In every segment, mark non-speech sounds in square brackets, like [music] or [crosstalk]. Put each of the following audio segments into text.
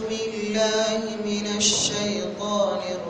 بالله من الشيطان الرجيم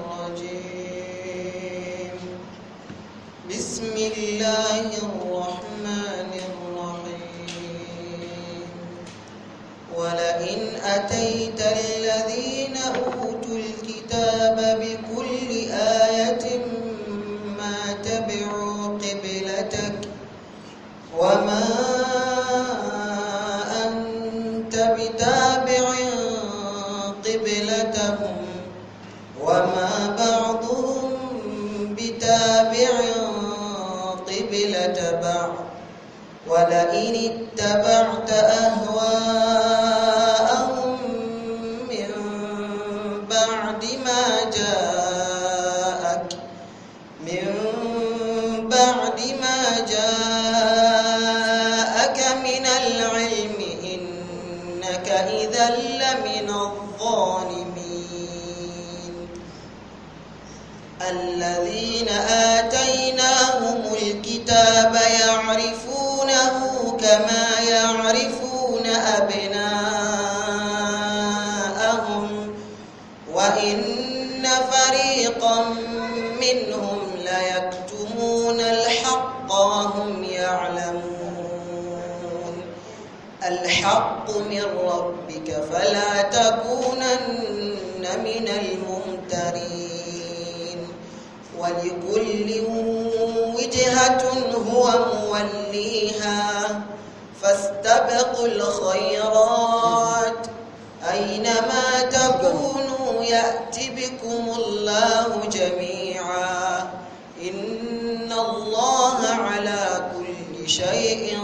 الحق من ربك فلا تكونن من الممترين ولكل وجهة هو موليها فاستبقوا الخيرات أينما تكونوا يأت بكم الله جميعا إن الله على كل شيء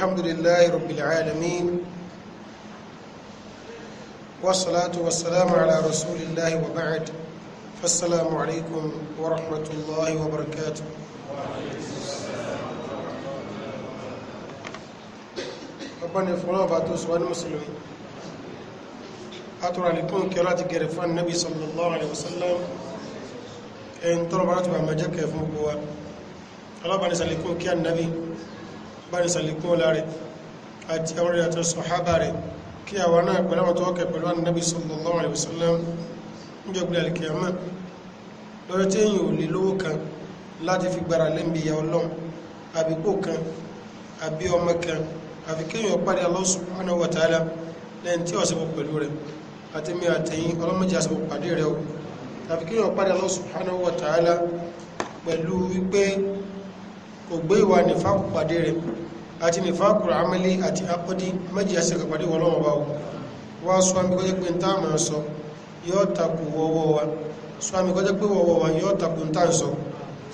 الحمد لله رب العالمين والصلاة والسلام على رسول الله وبعد فالسلام عليكم ورحمة الله وبركاته ربنا فلان باتو سوان مسلمين أترى لكم كرات كرفان النبي صلى الله عليه وسلم إن ترى براتب عما جاك يفمقوا الله بني سلكم كيان النبي báyìí sàlékún ọlá rẹ̀ àti àwọn rẹ̀ àtọ́ sọ̀hábà rẹ̀ kí àwọn náà pẹ̀lú àwọn tọ́wọ́kẹ̀ pẹ̀lú ànábì sallallahu alaihi wasallam ń jọ gbé alìkìyàmá lọ́rọ̀ tí èyàn ò lè lówó kan láti fi gbára lẹ́mbi ìyá ọlọ́run àbíkó kan àbí ọmọ kan àfi kéèyàn pàdé Allah subhanahu wa lẹ́yìn tí ọ̀sẹ̀ pẹ̀lú rẹ̀ àti mi àtẹ̀yìn ọlọ́mọdé àṣẹ pàdé rẹ̀ kò gbé ìwà nìfàkù pàdé rẹ̀ àti nìfàkù amẹ́lé àti akọ́dí méjì àṣẹkà pàdé wọ́n lọ́wọ́ bá wá sọ́mi kọjá pé ntá máa sọ yóò takò wọ́wọ́ wa sọ́mi kọjá pé wọ́wọ́ wa yóò takò ntá sọ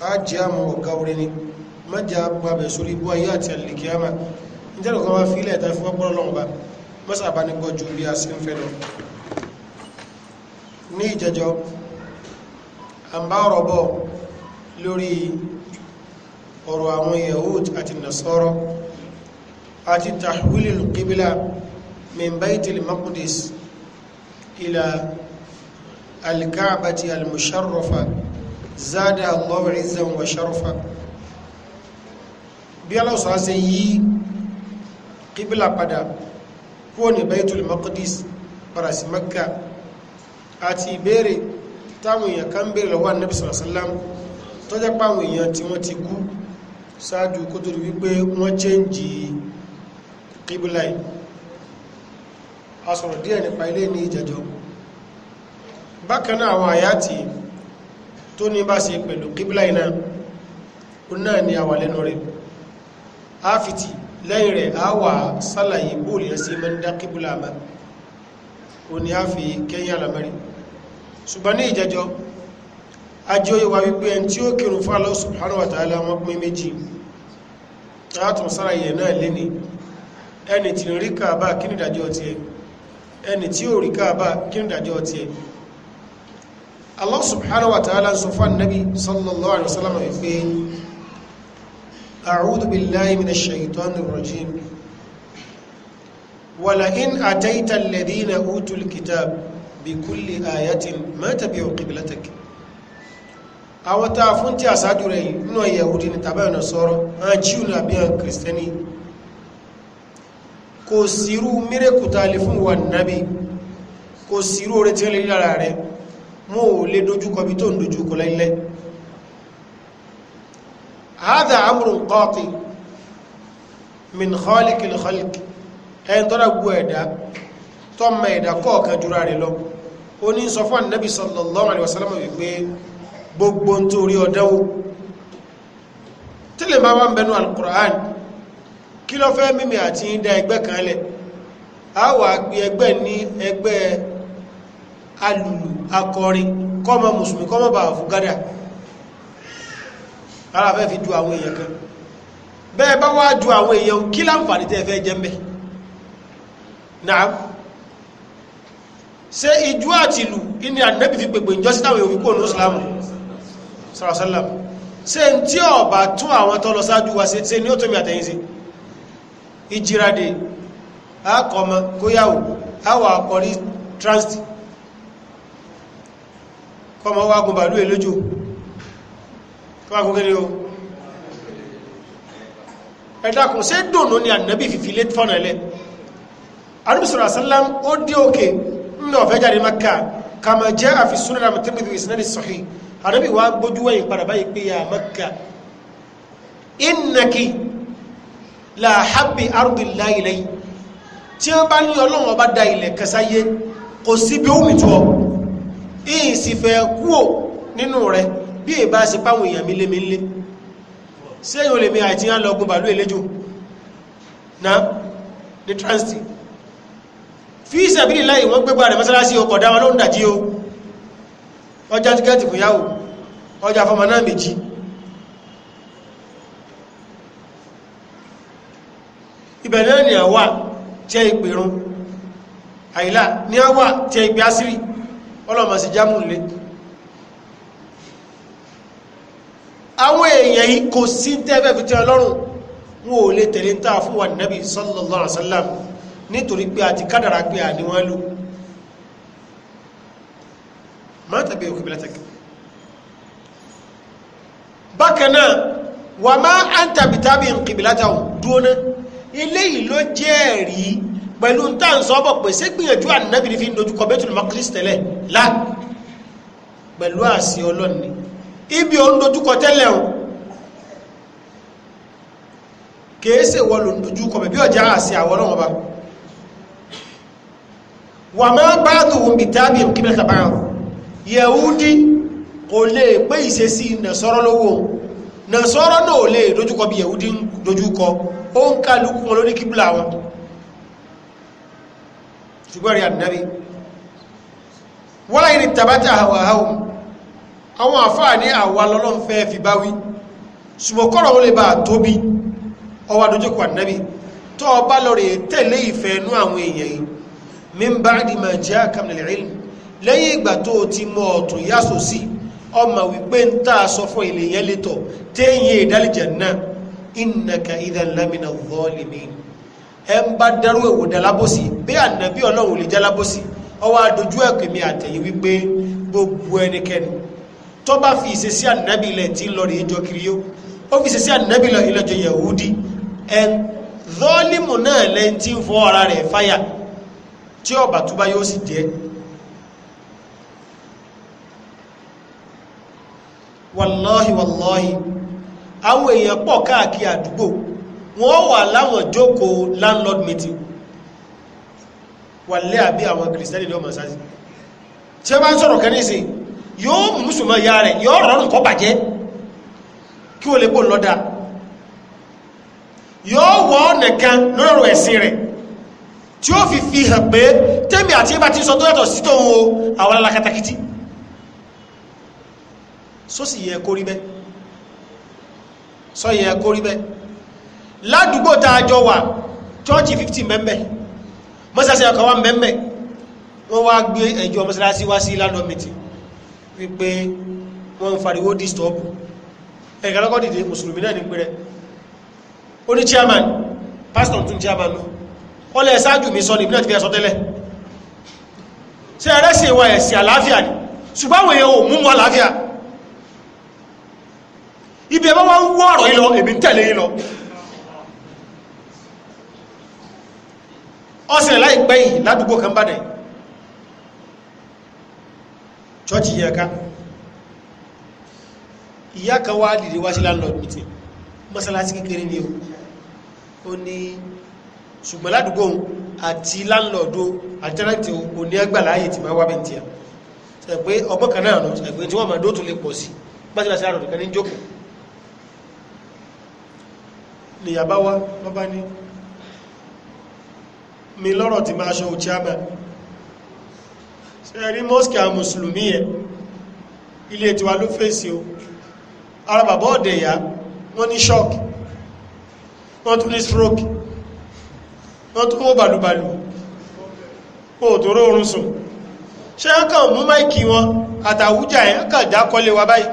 á jẹ́ àmọ́ ọ̀gá orí ni méjì àgbàbẹ̀ sórí ibú ayé àti àlìkíyàmà nítorí kan wá fílẹ̀ ìta fún ọgbọ́n lọ́wọ́ bá mọ́sàbá ní gbọ́jú bí a ṣe ń fẹ́ lọ ní ìjẹjọ́ àmbá ọ̀rọ̀ bọ̀ lórí ọ̀rọ̀ àwọn yahud àti nasọ́rọ̀ àti tahwilil qibla min baitil maqdis ila alkaabati almusharrafa zada allah izzan wa sharfa bí aláwọ̀sọ́ ṣe yí qibla padà kúrò ní baitul maqdis padà sí makka àti ìbéèrè táwọn èèyàn kan béèrè lọ́wọ́ annabi sallallahu alaihi wasallam tó jẹ́ páwọn èèyàn tí wọ́n ti kú ṣáájú kó tó rí wípé wọ́n chẹ́ǹjì kíbùláì a sọ̀rọ̀ díẹ̀ nípa ilé ní ìjẹjọ́ bákanáà àwọn àyátì tó ní bá ṣe pẹ̀lú kíbùláì náà ó náà ni àwà lẹ́nu rẹ̀ a fìtì lẹ́yìn rẹ̀ a wà sálàyé bóòlì ẹsẹ̀ mẹ́ndá kíbùlá àmà ó ní a fi kẹ́yìn àlàmẹ́rin ṣùgbọ́n ní ìjẹjọ́ ajíòye wa wípé ẹni tí ó kírun fún Allah subhanahu wa ta'ala wọn pín méjì látún sára yẹ̀ náà lé ní ẹni tí rí Káàbà kí nìdájọ́ ti ẹ ẹni tí ó rí Káàbà kí nìdájọ́ ti ẹ Allah subhanahu wa ta'ala sọ fún annabi sallallahu alaihi wasallam wípé أتيت الذين أوتوا الكتاب بكل آية ما تبعوا قبلتك àwọn tá a fún tí àṣájú rẹ̀ nínú Yahudi ní tàbí ọ̀nà sọ́rọ̀ àwọn jíù ní àbí àwọn kìrìsìtẹ́nì kò sírú mírèkùtà lè fún wà nábi kò sírú orí tí ó lè lára rẹ̀ mú ò lè dojúkọ bí tó ń dojúkọ lẹ́lẹ́ hadha amrun qati min rẹ̀ lọ ó sọ fún ànábì sallallahu alaihi wípé gbogbo ń torí ọ̀dẹ́wò tílẹ̀ máa wá ń bẹnu alukur'an kí ló fẹ́ mímí àti ìdá ẹgbẹ́ kan lẹ̀ a wà gbé ẹgbẹ́ ní ẹgbẹ́ alùlù akọrin kọ́mọ mùsùlùmí kọ́mọ bàá fúgádà ara fẹ́ fi du àwọn èèyàn kan bẹ́ẹ̀ bá wá du àwọn èèyàn kí láǹfààní tẹ́ fẹ́ jẹ́ mẹ́ náà ṣe ìjú àtìlù ìní ànábì fi pèpè ìjọsí táwọn èèyàn fi kúrò ní ìsìlámù sàrọ̀sọ́lá ṣe n tí ọba tún àwọn tọ́lọ sáájú wa ṣe ní ó tóbi àtẹ̀yìn sí ìjírádé àkọmọ kóyàwó àwọ̀ àkọrí transit kọmọ wágùn bàlú èlójò kọmọ kéré o ẹ̀dàkùn ṣe dùnú ni ànàbí fìfì lé fọ́nà ẹlẹ́ àdúbìsọ̀rọ̀ àṣálá ó dé òkè ńlọ ọ̀fẹ́ jáde Mákà jẹ́ àfisúnlẹ̀ àmì tẹ́bìtì ànábì wa gbójú wẹ̀yìn padà báyìí pé ya Makkah innaki la habbi ardillahi lay tí wọ́n bá ní ọlọ́run ọba da ilẹ̀ kẹsàyé kò sí bí ó mìtọ́ ìyìn sì fẹ́ kúò nínú rẹ bí ìbá sí páwọn èèyàn mi lé mi lé sí èyàn lè mi àti yán lọ gun bàálù eléjò na ní transit fi ìsàbílì láì wọ́n gbégbà rẹ̀ mọ́sálásí ọkọ̀ dáwọn ló ń dàjí o ọjà tíkẹ́ẹ̀tì fún yàwó ọjà fọmọ náà méjì ibẹ̀ náà ni àwà tí ẹ ìpè rún àìlà ní àwà tí ẹ ìpè àṣírí ọlọ́mọ sí jámù lé àwọn èèyàn yìí kò sí tẹ́ẹ̀fẹ́ fi tẹ́ ọlọ́run wọn ò lè tẹ̀lé ń tà fún wa nàbì sallallahu alaihi nítorí pé àti kádàrà pé à ní wọ́n lò má tàbí qiblatak bákan náà wà má ń tàbí tàbí qiblatahum dúóná eléyìí ló jẹ́ẹ̀rí pẹ̀lú ń tà ń sọ bọ̀ pé ṣé gbìyànjú ànábì ní fi ń dojúkọ Baitul Maqdis tẹ́lẹ̀ lá pẹ̀lú àṣì ọlọ́ni ibi òun dojúkọ tẹ́lẹ̀ o kèése wọ́n ló ń dojúkọ bẹ̀bí ọjà àṣì àwọn ọlọ́run ọba wà má bá tòun bìtàbí qiblatahum yẹ̀húdí kò lè pé ìṣesí nàṣọ́rọ́ lówó nàṣọ́rọ́ náà lè dojúkọ bí yẹ̀húdí dojúkọ ó ń kálukú wọn lórí kíbùlà wọn ṣùgbọ́n rí ànábì wọ́n láyé ní tàbátà àwàháwùn àwọn àfáà ní àwà lọ́lọ́n fẹ́ fi bá wí ṣùgbọ́kọ́rọ̀ ó lè àwọn min ba'di ma ja'aka min al-ilm lẹ́yìn ìgbà tó o ti mọ ọ̀tún yásò sí ọmọ wípé ń tà sọ fún ilé yẹn létọ̀ téèyàn ìdálìjẹ̀ náà ìnàkà ìdánlámìnà vọ́ọ̀lìmí ẹ ń bá dárú èwò dalábòsí bí ànábí ọlọ́run lè jálábòsí ọwọ́ adojú ẹ̀kẹ́mi àtẹ̀yìn wípé gbogbo ẹnikẹ́ni tó bá fi ìṣesí ànábì ilẹ̀ tí ń lọ rèé jọ kiri yó ó fi ìṣesí ànábì ilẹ̀ jọ yẹ̀húdí ẹ vọ́ọ̀lìmù náà lẹ́yìn tí ń fọ ara rẹ̀ fáyà tí ọ̀bàtúbá yóò sì jẹ́ wàláhì wàláhì àwọn èèyàn pọ̀ káàkiri àdúgbò wọ́n wà láwọn jókòó landlord meeting wàlẹ́ àbí àwọn kìrìsìtẹ́nì ní ọmọ sáàsì tí ó bá ń sọ̀rọ̀ kẹ́ni sí yóò mùsùlùmọ̀ ya rẹ̀ yóò rọrùn kọ́ bàjẹ́ kí o lè bó lọ́dà yóò wọ ọ̀nà kan lọ́rọ̀ ẹ̀sìn rẹ̀ tí ó fi fi hàn pé tẹ́mi àti ẹbá ti sọ tó yàtọ̀ sí tóun o àwọn alákatakítí só sì yẹ kó rí bẹ́ sọ yẹ kó rí bẹ́ ládùúgbò tá a jọ wà chọ́ọ̀chì 15 mẹ́mẹ́ mọ́sálásí ọkọ̀ wa mẹ́mẹ́ wọ́n wá gbé ẹjọ́ mọ́sálásí wá sí lánàá mìtì wípé wọ́n ń fariwo disturb ẹ̀ka lọ́kọ́ dìde mùsùlùmí náà ní pé rẹ̀ chairman pastor tún chairman lọ wọ́n lẹ́ ṣáájú mi sọ ní ìbílẹ̀ tí fi ẹsọ tẹ́lẹ̀ ṣe ẹrẹ́sìn ìwà ẹ̀sìn àlàáfíà ni ṣùgbọ́n àwọn èèyàn ò mú wọn àlàáfíà ibi ẹ̀bá wọ́n wọ́ ọ̀rọ̀ yìí lọ èmi ń tẹ̀lé yìí lọ ọ̀sẹ̀ láìpẹ́ yìí ládùúgbò kan bá dẹ̀ chọ́ọ̀chì yẹ ká ìyá kan wá dìde wá sí landlord meeting mọ́sálásí kékeré ni ó ní ṣùgbọ́n ládùúgbò àti landlord àtẹ́rẹ́tì òní ẹgbàláyè ti máa wá bẹ́ntìyà ṣẹ̀pẹ́ ọgbọ́n kan náà ṣẹ̀pẹ́ tí wọ́n máa dóòtú lè pọ̀ sí bá ti lásìlárò nìkan ní jókòó nìyàbá wá bàbá ní mi lọ́rọ̀ ti máa ṣọ òchíámà ṣe rí mọ́síkà mùsùlùmí ẹ̀ ilé tiwa ló fèsì o ara bàbá ọ̀dẹ̀ ìyá wọ́n ní ṣọ́ọ̀kì wọ́n tún ní stroke wọ́n tún wó bàlùbàlù kó tó rọrùn sùn ṣe ń kàn mú máìkì wọn àtàwújà ẹ̀ ń kàn dákọlé wa báyìí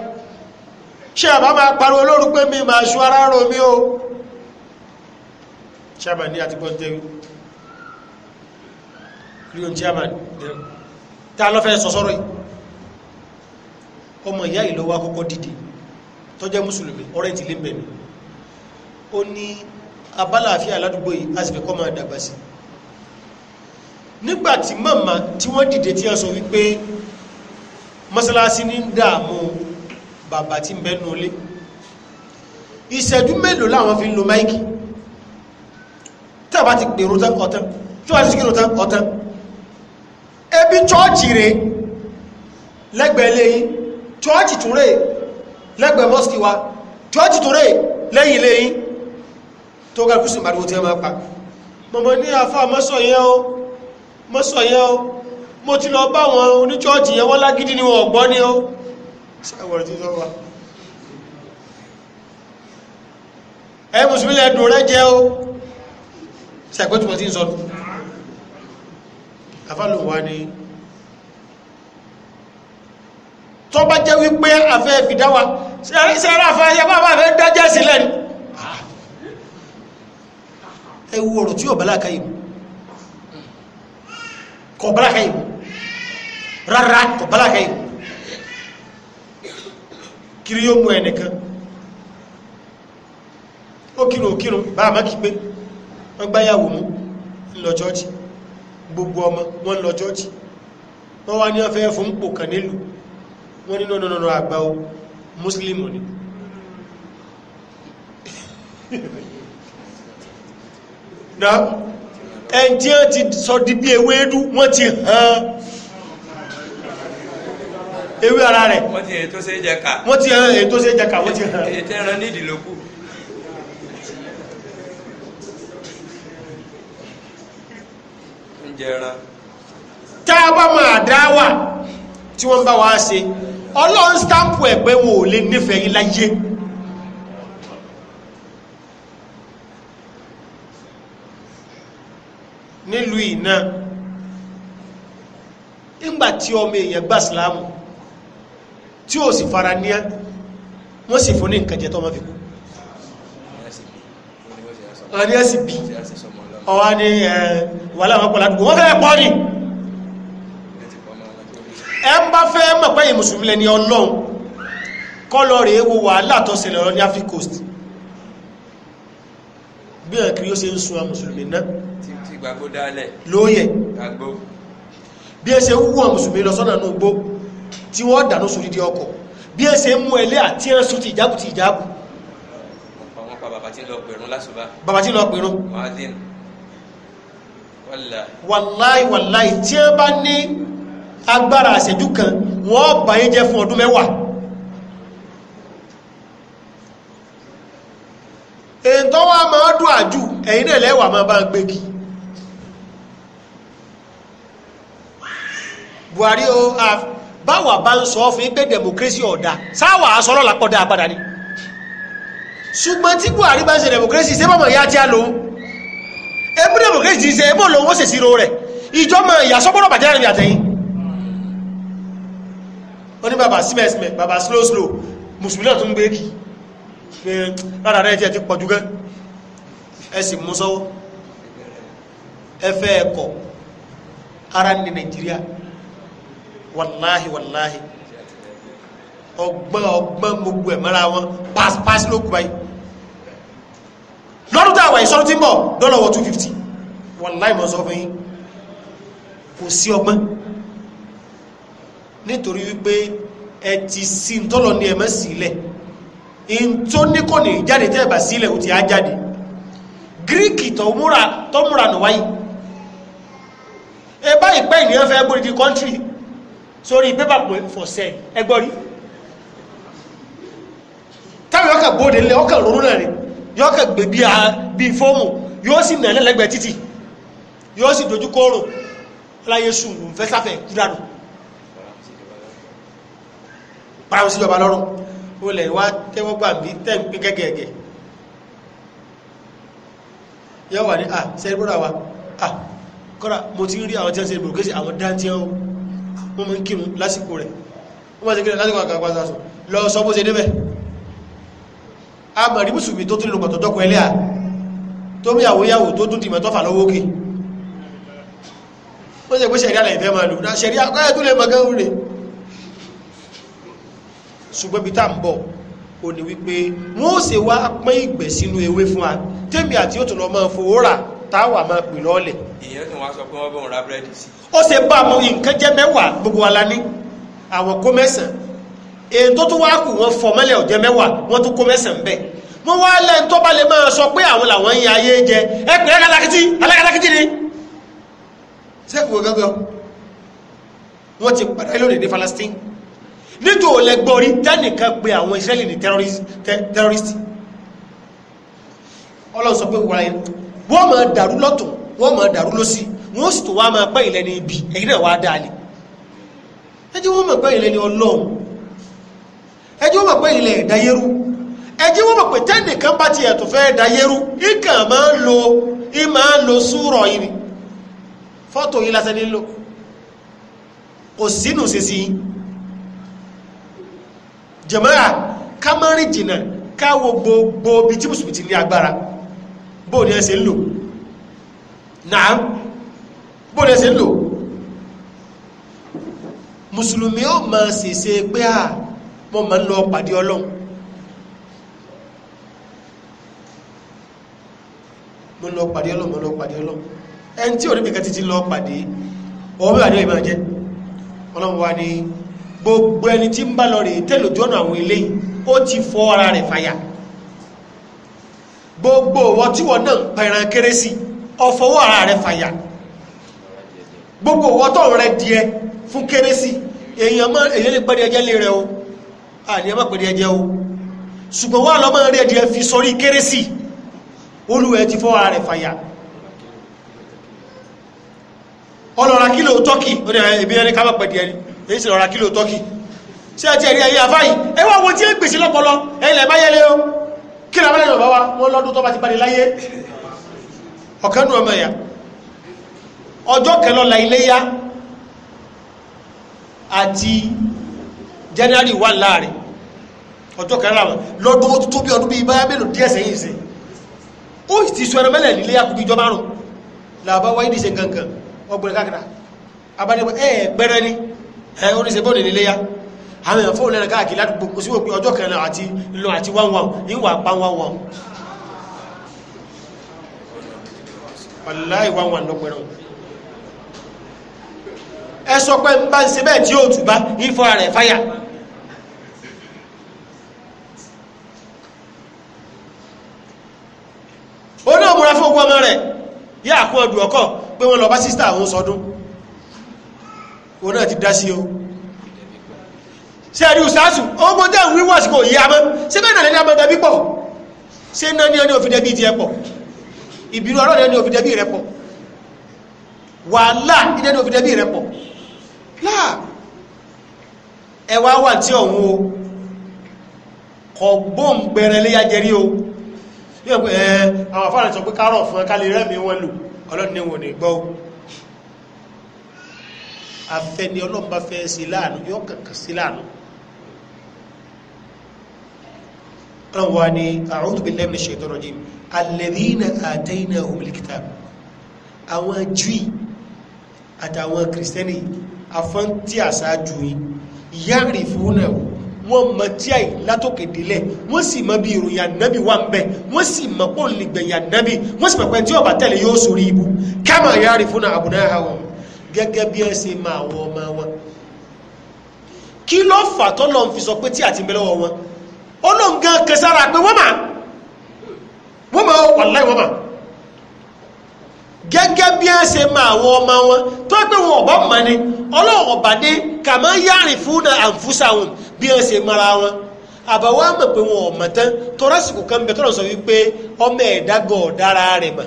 ṣe àbá máa pariwo lóru pé mi máa ṣú ara rò mí o chairman ní àti gbọ́ntẹ́wí ríon chairman tá lọ́fẹ́ sọ́sọ́rọ̀ yìí ọmọ ìyá ìlọ́wọ́ akọ́kọ́ dìde tó jẹ́ mùsùlùmí ọ̀rẹ́ ti lé bẹ̀mí ó ní abala àfi aládùúgbò yìí a sì fẹ́ kọ́ máa dàgbà sí nígbàtí màmá tí wọ́n dìde tí wọ́n sọ wípé mọ́sálásí ní dààmú bàbá tí ń bẹ́nu ilé ìṣẹ́jú mélòó láwọn fi ń lo máìkì tí a bá ti pèrò tán ọ̀tán tí wọ́n ti kírò tán ọ̀tán ebi chọ́ọ̀chì rẹ̀ lẹ́gbẹ̀ẹ́ lẹ́yìn chọ́ọ̀chì tún rẹ̀ lẹ́gbẹ̀ẹ́ mọ́sìkì wa chọ́ọ̀chì tún rẹ̀ lẹ́yìn lẹ́yìn tó ga kùsùn màdìwò tí a máa pa mọ̀mọ́ ní afá mọ́sọ̀ yẹn o mọ́sọ̀ o mo ti lọ bá wọn oníchọ́ọ̀chì yẹn wọ́n lágídí ni wọn ọ̀gbọ́n o ṣàwọ̀rọ̀ tí wọ́n wà ẹ mùsùlùmí lẹ́dùn rẹ jẹ́ o sí a wọn tí ń sọ afálò wa ni tó bá jẹ́ wípé afẹ́ fìdáwà sẹ́rà afẹ́ yẹbá afẹ́ dájẹ́ sílẹ̀ ni ẹ wo ọ̀rọ̀ tí ọ̀bẹ̀lá káyìí kọ̀bẹ̀lá káyìí rárá kọ̀bẹ̀lá káyìí kiri yóò mú ẹnìkan ó kírò kírò bá àmá kí pé wọ́n gbáyàwó mú lọ chọ́ọ̀chì gbogbo ọmọ wọ́n lọ chọ́ọ̀chì wọ́n wá ní ọ̀fẹ́ fún pò kàn nílùú wọ́n ní nọ́nà àgbà o mùsùlùmù ni [laughs] na ẹn tí wọ́n ti sọ di bí ewédú wọ́n ti hàn ewé ara rẹ̀ wọ́n ti hàn èyí tó ṣe ká wọ́n ti hàn èyí tó ṣe ká wọ́n ti hàn jẹ ẹran tá a bá máa dáwà tí wọ́n bá wá ṣe ọlọ́run stampu ẹ̀ pé wọn ò lè nífẹ̀ẹ́ yín láyé nílùú iná nígbà tí ọmọ èèyàn gbà sílámù tí ò sì fara níyà wọ́n sì fún ní nǹkan jẹ tó fi kú. ọ̀nà ni ẹ sì bí ọwá ní wà láwọn pọ̀ ládùgbò wọ́n fẹ́ pọ̀ ní ẹ ń bá fẹ́ mọ̀ pé yìí mùsùlùmí lẹni ọlọ́run kọ́lọ̀ rẹ̀ ewu wàhálà tó ṣẹlẹ̀ ọ̀rọ̀ ní afi coast bí ẹ̀ kiri ó ṣe ń sun mùsùlùmí náà lóyè bí ẹ ṣe ń wú lọ sọ́nà ní ogbó tí wọ́n dànù sórí di ọkọ̀ bí ẹ ṣe mú ẹlẹ́ àti ẹ̀ sùn ti ìjábù ìjábù bàbá tí lọ pẹ̀rún lásùbá bàbá tí lọ pẹ̀rún wàláì wàláì tí ó bá ní agbára àṣẹjú kan wọ́n báyé jẹ́ fún ọdún mẹ́wàá èyí tó wá máa dùn àjù ẹ̀yìn náà lẹ́wàá máa bá ń gbégi Buhari o báwa bá ń sọ fún pé democracy ọ̀dà sáwà aṣọ ọlọ́lá pọ̀ dáa padà ni ṣùgbọ́n tí Buhari bá ń ṣe democracy ṣé bọ́mọ̀ tí a lòun ebúrẹ́ mọ̀ kéjì ṣe ebó lòun ó sì ṣírò rẹ̀ ìjọmọ ìyàsọ́gbọ́nà bàjẹ́ rẹ̀ àtẹ̀yìn ó ní bàbá símẹ̀símẹ̀ bàbá slow slow mùsùlùmí náà tún gbé kì rárá rẹ̀ tí ẹ ti pọ̀jú gẹ́ ẹ sì mú sọ́wọ́ ẹ fẹ́ ẹ̀kọ́ ara ní nàìjíríà wàláhì wàláhì ọgbọ́n ọgbọ́n pass pass ló kú lọ́dún tàwà ìṣọ́dún tí ń bọ̀ dọ́là wọ 250 wallahi mọ́ sọ fún yín kò sí ọgbọ́n nítorí wípé ẹ ti sí tọ́lọ ní ẹ̀mọ́ sílẹ̀ in tó ní kò ní jáde tẹ́ẹ̀bà sílẹ̀ ò ti á jáde gíríkì tó múra tó múra nù wáyé ẹ báyìí pẹ́ ìnìyàn fẹ́ gbórí di kọ́ńtírì sórí pépà pé fọ̀sẹ̀ ẹgbọ́rí táwọn ọkà bóde lẹ ọkà ronú náà yóò kẹ̀ gbé bí a bí fóòmù yóò sì nà lẹ́lẹ́gbẹ̀ẹ́ títì yóò sì dojú kóòrò láyé sùúrù fẹ́ sáfẹ́ kúdànù paráwọn síjọba lọ́rùn ó lẹ̀ wá tẹ́wọ́gbà bí tẹ́ ń pín gẹ́gẹ́gẹ́ yóò wà ní à sẹ́rìbọ́ra wa à kọ́ra mo ti rí àwọn tí wọ́n sẹ́rìbọ́ra kéṣe àwọn dáńtí ọ́ wọ́n mú kírun lásìkò rẹ̀ wọ́n mú kírun lásìkò àkàkọ́ lọ sọ bó ṣe débẹ̀ àmọ̀rí mùsùlùmí tó tún lè lọ́pàá tó dọ́kọ̀ ẹlẹ́à tó mú yàwó yàwó tó tún tìmọ̀ tọ́fà lọ́wọ́ kì ó ṣe pé ṣẹ̀rí àlàyé fẹ́ máa lò náà ṣẹ̀rí akọ́yà tó lè mọ̀ gẹ́rù rẹ̀ ṣùgbọ́n bí tá ń bọ̀ ó ní wípé wọ́n ó ṣe wá pín ìgbẹ̀ sínú ewé fún wa tèmi àti ó tún lọ máa fowó rà táwà máa pè lọ́ọ̀lẹ̀ ìyẹn tún wá èyí tó tún wá kù wọn fọ mọ́lẹ̀ ọ̀jẹ́ mẹ́wàá wọn tún kó mẹ́sàn-án bẹ́ẹ̀ wọ́n wá lẹ́yìn tó bá lè máa sọ pé àwọn làwọn ń ya ayé jẹ ẹ pè é kálákìtì alákàlákìtì ni sẹ́kùn gángan wọ́n ti padà lónìí ní Palestine nítorí lẹ́gbọ́n rí dánìkan pé àwọn Israeli ní terrorist ọlọ́run sọ pé wọ́n ráyẹ wọ́n máa dàrú lọ́tọ̀ wọ́n máa dàrú lọ́sí wọ́n sì tó wá máa pẹ́ ìlẹ́ni ibi ẹ̀yìn náà wá dáa ni ẹjẹ́ wọ́n máa pẹ́ ìlẹ́ni ọlọ́run ẹjí wọ́n mọ̀ pé ilẹ̀ ìdáyérú ẹjí wọ́n mọ̀ pé tẹ́nìkan bá ti ẹ̀tù fẹ́ ìdáyérú ìkàn máa ń lo ìmọ̀ ń lo súrọ̀ yìí fọ́tò yìí lásán nílò kò sínú sí sí jẹ̀mọ́ra ká má rìn jìnnà káwo gbogbo bí tí mùsùlùmí ti ní agbára bóò ní ẹ ń lò mùsùlùmí ó máa ṣèṣe pé à mo ma ń lọ pàdé ọlọ́run mo lọ pàdé ọlọ́run mo lọ pàdé ọlọ́run ẹni tí ti ti lọ pàdé ọwọ́ àdé ìmọ̀ jẹ́ ọlọ́run wa ni gbogbo ẹni tí ń bá lọ rèé tẹ́lò àwọn eléyìí gbogbo ọwọ́ tí wọ́n náà pẹ̀ràn kérésì ọfọwọ́ ara rẹ̀ fàyà gbogbo ọwọ́ tó rẹ̀ fún kérésì èèyàn lè àní ẹ má pẹ̀lú ẹjẹ́ o ṣùgbọ́n wà lọ́mọ rẹ̀ ẹjẹ́ fi sọrí kérésì olúwẹ̀ ti fọ́ ara rẹ̀ fàyà ọlọ́ra kílò tọ́kì ẹbí ẹni ká má pẹ̀lú ẹni èyí sì lọ́ra kílò tọ́kì sí ẹjẹ́ rí ẹyẹ àfáyì ẹ wá wo tí ẹ gbèsè lọ́pọlọ ẹlẹ̀ bá yẹlé o kí ni abẹ́lẹ̀ lọ́wọ́ wa wọ́n lọ́dún tó bá ti balẹ̀ láyé ọ̀kan nù ọmọ ẹ̀yà ọjọ́ kẹlọ́la iléyá àti january wà láàrin ọjọ́ kẹrìnlá wọn lọ́dún ó tó bí ọdún bíi báyá mélòó díẹ̀ sẹ́yìn sí ó ti sọ ẹran mẹ́lẹ̀ nílé àkùbí ìjọ márùn làbá wáyé ní ṣe gangan ọgbẹ̀rẹ̀ káàkiri abánibọ̀ ẹ̀ pẹ́rẹ́ ní ẹ̀ oníṣẹ́ bọ́ọ̀lù nílé ya àwọn èèyàn fóònù ẹ̀rọ káàkiri ládùúgbò kò sí wò pé ọjọ́ kẹrìnlá àti lọ àti wán wán ní wà pa wán wán wàláì wán wán lọ́pẹ̀rẹ̀ ẹ sọ pé ń bá ń kún ọdún ọkọ̀ pé wọ́n lọ bá sísítà àwọn sọdún o náà ti dá sí o ṣe rí ìsáàsù ọmọ tẹ́ ń wíwọ̀ sí kò yí amọ́ ṣe bẹ́ẹ̀ nàlẹ́ ní amọ́ dẹbí pọ̀ ṣe náà ní ọdí òfin dẹbí ti ẹ pọ̀ ìbírú ọ̀rọ̀ ní òfin dẹbí rẹ pọ̀ wàhálà ní òfin dẹbí rẹ pọ̀ o kọ̀ gbóǹgbẹ̀rẹ̀ léyà jẹrí o yóò pé ẹ àwọn afárẹ̀ sọ pé kárọ̀ fún ẹ ká lè rẹ́mi wọn lò ọlọ́ni wọn ní gbọ́ afẹ́ni ọlọ́mba fẹ́ sí láàánú yóò kàkàn sí láàánú ọlọ́run wa ni a'udhu billahi minash shaitonir rajim alladhina ataynahumul kitab àwọn júì àtàwọn kìrìsìtẹ́nì afọ́ntí àṣáájú yìí ya'rifunahu wọ́n mọ tí àì látòkè délẹ̀ wọ́n sì mọ bí ìròyìn ànábì wà ń bẹ wọ́n sì mọ pọ̀ lè gbẹ̀yìn ànábì wọ́n sì pẹ̀pẹ́ tí ọba tẹ̀lé yóò sórí ibu kama yarifuna abnahum gẹ́gẹ́ bí ẹ ṣe máa wọ ọmọ wọn. kí ló fà tó lọ́n fi sọ pé tí àti mẹ́lẹ́ wọn ó lóun gan kẹsàrà pé wọ́n mà wọ́n mà wallahi wọ́n mà gẹ́gẹ́ bí ẹ ṣe máa wọ ọmọ wọn tó pé wọn ọ̀bọ̀ mọ́ ni ọlọ́run ọ̀bà ní kàmá yárìn fún àǹfúsà wọn bí wọ́n ṣe mara wọn àbáwọ́ àmọ̀ pé wọn ò mọ̀ tán tọ́rọ́sìkò kan bẹ tọ́rọ̀ sọ wípé ọmọ ẹ̀dá gan rẹ̀ mọ̀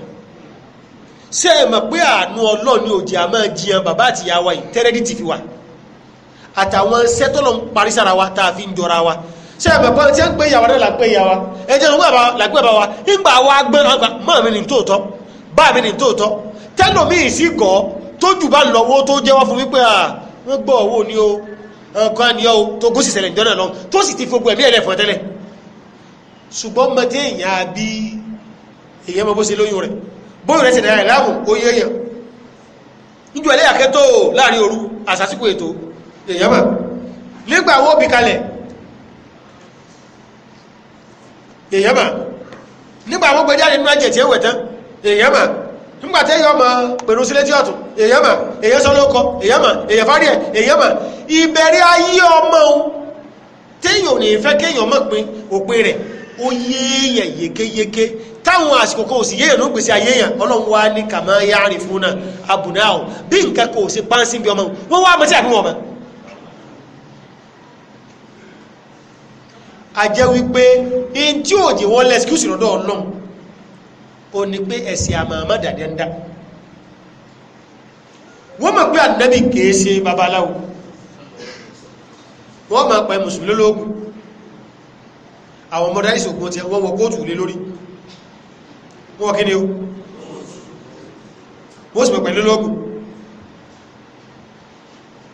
ṣé ẹ mọ̀ pé àánú ọlọ́ọ̀ ni òjì àmọ́ jiyàn bàbá àti ìyá wa yìí tẹ́rẹ́dì ti fi wà àtàwọn sẹ́tọ́lọ̀ ń parí sára wa tá a fi ń jọra wa ṣé ẹ mọ̀ pé tí wọ́n ń pè ìyàwó náà làpẹ́ ìyàwó ẹjẹ́ wọn làpẹ́ bàbá wa ìgbà wa gbẹ́ náà mọ́ nǹkan ni ọ́ tó gúsì ṣẹlẹ̀ ìjọ náà lọ tó sì ti fogun ẹ̀mí ẹ̀lẹ́fọ́ tẹ́lẹ̀ ṣùgbọ́n mọ́tẹ́ èèyàn àbí èèyàn mọ́ bó ṣe lóyún rẹ̀ bóyún rẹ̀ ṣẹ̀dá rẹ̀ láàmú oyún èèyàn níjú ẹlẹ́yà kẹ́tọ́ láàrin òru àsásíkò ètò èèyàn mọ̀ nígbà àwọn òbí kalẹ̀ èèyàn mọ̀ nígbà àwọn gbẹjáde nínú àjẹ̀tì ẹ̀wẹ̀ tán èèyàn mọ̀ nígbàtí èyàn ma pẹ̀lú sílé tí ọ̀tún èyàn ma èyàn sọ lóko èyàn ma èyàn fárí ẹ̀ èyàn ma ìbẹ̀rẹ̀ ayé ọmọ ohun téèyàn ò ní fẹ́ kéèyàn mọ̀ pé òpin rẹ̀ ó yéèyàn yékéyéké táwọn àsìkò kan ò yéèyàn ló gbèsè ayé yàn ọlọ́run wá ní kàmá yáàrin fún náà àbùnà ò bí nǹkan kò sí pánsí bí ọmọ wọn wá mọ́tí àbí wọn mọ́ a jẹ́ wípé in tí ò jẹ́ wọ́n lẹ́sikúsì lọ́dọ̀ ọlọ́run ó ní pé ẹ̀sìn àmàmà dàdẹ́ndà wọ́n mọ̀ pé ànábì kìí ṣe babaláwo wọ́n mọ̀ pé mùsùlùmí lóògùn àwọn ọmọdé ìṣògùn ti wọ́n wọ kóòtù lé lórí wọ́n kí ni ó wọ́n sì mọ̀ pẹ̀lú lóògùn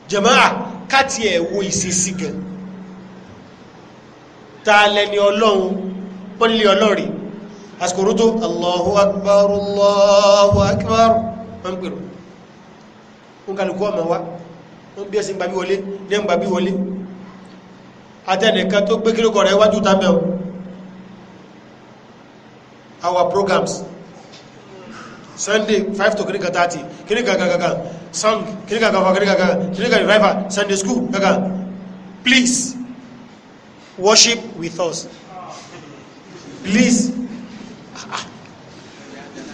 jàmáà káti ẹ̀wọ́ ìṣesí gan ta lẹni ọlọ́run pọ́nlé ọlọ́rin àsìkò Allahu akbar Allahu akbar wọ́n pèrò ń kàlùkù ọmọ wa ń bí ẹsìn gbàbí wọlé ní ẹgbàbí wọlé àtẹnìkan tó gbé kílókọ rẹ̀ wájú tábẹ̀ our programs sunday five to kìnnìkan thirty kìnnìkan kankan song kìnnìkan kankan kìnnìkan kankan kìnnìkan revival sunday school kankan please worship with us please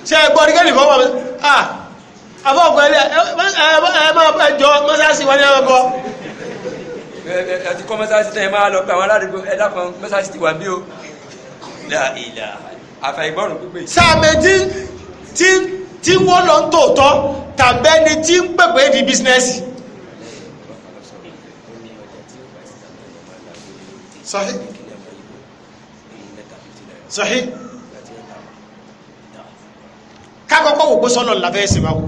ṣe gbọ́ ní kẹ́lì fọ́wọ́ àfọ́ọ̀kọ́ ilé ẹ máa bá jọ mọ́sáàsì wọn ní ọgọ́. ẹ ti kọ́ mọ́sáàsì tẹ́ ẹ máa lọ pé àwọn aládùúgbò ẹ dákan mọ́sáàsì ti wà bí o. àfàìgbọ́rùn pípé. sàmẹ́jì tí tí wọ́n lọ ń tòótọ́ tàbẹ́ni tí ń pèpè di bísínẹ́sì. sahih sahih kákọ́kọ́ wò pé sọ́lọ̀ lábẹ́ ẹ̀sìn báwo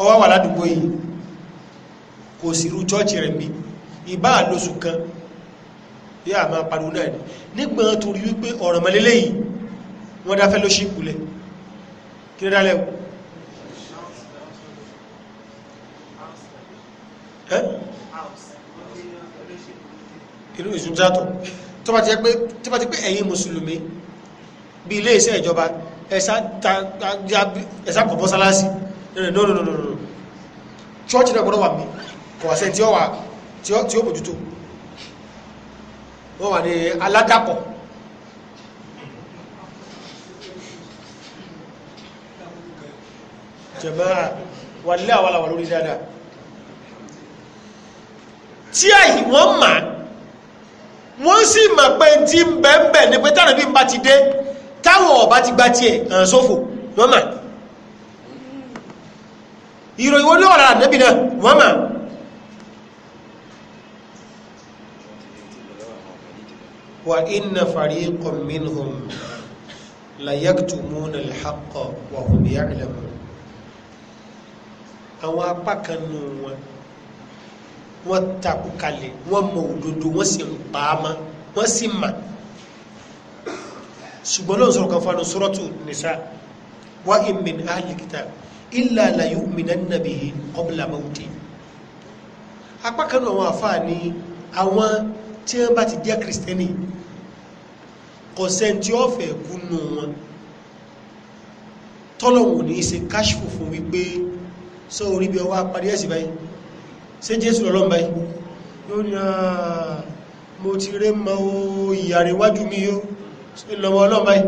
ọwọ́ wà ládùúgbò yìí kò sí irú chọ́ọ̀chì rẹ̀ ìbá àlóṣù kan yá máa pariwo náà ni nígbà torí wípé ọ̀ràn mọ́lélẹ́ yìí wọ́n dá fellowship lẹ̀ kí ló dálẹ̀ inú ìsúnjátọ̀ tó bá ti pé ẹ̀yin mùsùlùmí bí ilé iṣẹ́ ìjọba ẹ̀sà kọ̀ mọ́sálásí no no no no no church náà gbọ́dọ̀ wà mí kọ̀ wáṣẹ́ tí ó wà tí ó bójútó wọ́n wà ní aládàpọ̀ jẹ̀máà wà nílẹ̀ àwọn àwọn lórí dáadáa tí àyí wọ́n máa wọ́n sì mọ̀ pé tí ń bẹ̀ ń bẹ̀ ní pé tàbí ń bá ti dé táwọn ọ̀bá ti gba tiẹ̀ hàn sófò wọ́n mà ìròyìn wọn ọ̀rọ̀ ànábì náà wọ́n mà wa inna fariqan minhum la yaktumuna al-haqqa wa hum àwọn apá kan nù wọn wọ́n takú kalẹ̀ wọ́n mọ òdodo wọ́n sì ń pa á mọ́ wọ́n sì mà ṣùgbọ́n lóun sọ̀rọ̀ kan fún àwọn suratu nisa wa in min ahli kitab illa la yu'minanna apá kan náà àwọn àfáà ní àwọn tí wọ́n bá ti jẹ́ kìrìsìtẹ́nì kọ̀sẹ́ntì ọ̀fẹ́ gúnnú wọn tọ́lọ̀wò ní í ṣe káṣfù fún wípé sọ orí bí ọwọ́ apárí ẹ̀sìn báyìí ṣé jésù lọ́lọ́m báyìí yóò ní ah, mo ti rẹ́ mọ ìyàrẹ̀wájú mi yóò lọ́mọ ọlọ́m báyìí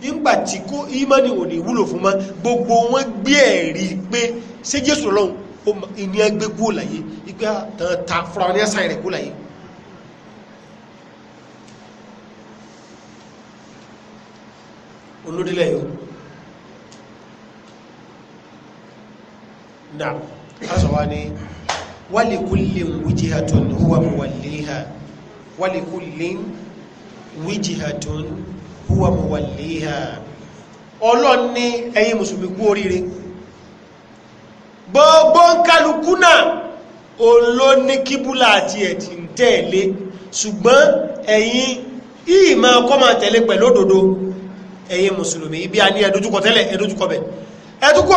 nígbà tí kó ìmọ̀ni ò ní wúlò fún ma gbogbo wọn gbé ẹ̀rí pé ṣé jésù lọ́lọ́m ìní ẹgbẹ́ kú láyé ìgbà ah, ta fúnra ní rẹ̀ kú láyé olódílẹ̀ yóò náà a sọ wá ní ولكل وجهة هو موليها ولكل وجهة هو موليها ọlọ́run ní ẹ̀yin mùsùlùmí kú oríire gbogbo ń kálukú náà oló ní kíbúlà àti ẹ̀tì ń tẹ̀lé ṣùgbọ́n ẹ̀yin ìmọ̀ ọkọ́ máa tẹ̀lé pẹ̀lú òdodo ẹ̀yin mùsùlùmí ibi a ní ẹ̀dójúkọ tẹ́lẹ̀ ẹ̀dójúkọ bẹ̀ ẹ̀dójúkọ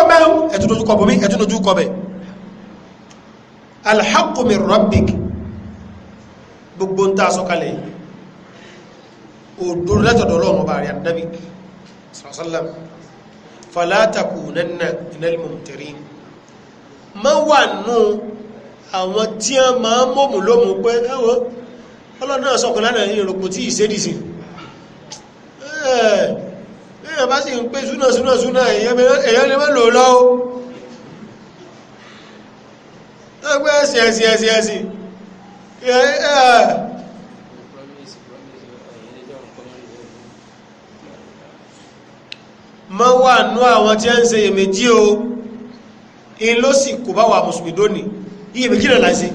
bẹ̀ ẹ̀dójúkọ bẹ̀ alhaqqu min rabbik gbogbo ń tàà sọ́kalẹ̀ òdúrú látọ̀dọ̀ ọlọ́run ọba rẹ̀ àdábì sàrásálàm fàlátàkù nánà minal mumtarin ma wà nù àwọn tí a máa mọ́mù lómù pé ẹwọ́ ọlọ́run náà sọ̀kan lánàá ìrọ̀pọ̀ tí ìsédìsì ẹ̀ẹ́ bá sì ń pé súnà súnà súnà èèyàn lè mọ́ lò lọ́wọ́ ẹgbẹ́ ẹ̀sìn ẹ̀sìn ẹ̀sìn ẹ̀sìn ma wà nú àwọn tí a ń ṣe èméjì o in ló sì kò bá wà mùsùlùmí dóní iye méjì náà láti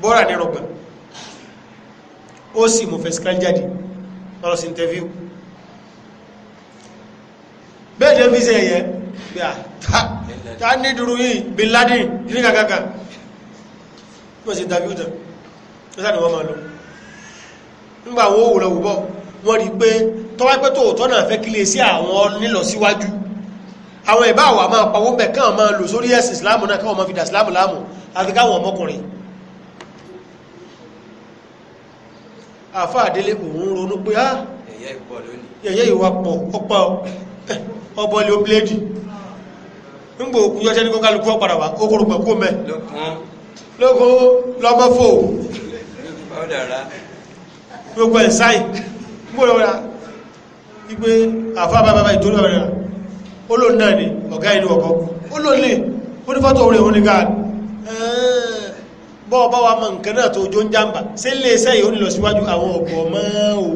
bọ́rà ní rọgbà ó sì mọ̀ fẹ̀sìkàlì jáde lọ́rọ̀ sí interview bẹ́ẹ̀ jẹ́ bí i ṣe ẹ̀yẹ bí i ta ní dúró yìí bin Laden ní kàkàkà bí wọ́n sì dàbí ó tẹ̀ ó sáà ni wọ́n máa lọ nígbà wo òwúrọ̀ wùbọ̀ wọ́n rí pé tọ́wá pẹ́ tòótọ́ náà fẹ́ kílé sí àwọn nílọ síwájú àwọn ìbá àwà máa pàwó bẹ̀ káwọn máa lò sórí ẹ̀sìn ìsìláàmù náà káwọn máa fi dà ìsìláàmù láàmù àti káwọn ọmọkùnrin àfá àdélé òun ronú pé á ah, yẹ̀yẹ́ ìwà pọ̀ ọpọ̀ ọbọ̀lẹ̀ oblédì nígbò òkúyọ́ṣẹ́ ní kọkàlùkú ọ̀padà wà okòrògbà kó mẹ́ lókó lọ́bọ́ fò gbogbo ẹ̀ sáì gbọ́lọ́wọ́lá ipé àfáàbàbàbà ìtòrí ọ̀rẹ́ rà olóòn náà ni ọ̀gá inú ọkọ̀ olóòn lè ó ní fọ́tọ̀ orí òní gáà bọ́ ọba wa mọ̀ nǹkan náà tó jó ń jàmbá sí ilé iṣẹ́ yìí ó ní lọ síwájú àwọn ọ̀pọ̀ mọ́ o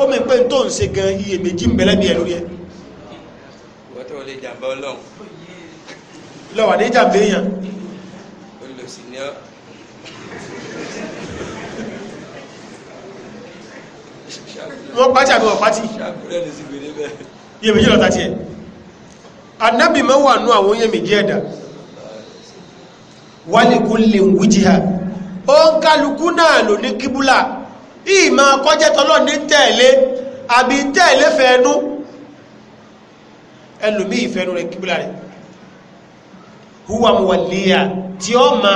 ó mi pé tó ń ṣe gan iyèméjì ń bẹ̀lẹ́ bí ẹ̀ lórí ẹ̀ wọ́n tó lè jàmbá ọlọ́run lọ́wà ní jàmbé èèyàn wọ́n pàtí àbí wọ́n pàtí iye méjì lọ́ta tí ẹ̀ anábì mẹ́wàá nú àwọn oúnjẹ méjì ẹ̀dà wálìkún lè wújí ha ó ń kálukú náà lò ní kíbúlà ìmọ̀ kọjẹ́tọ́lọ́ ní tẹ̀lé àbí tẹ̀lé fẹ́ẹ̀nú ẹlòmí ìfẹ́ẹ̀nú rẹ̀ kíbúlà rẹ̀ huwa muwaliya ma to, máa ma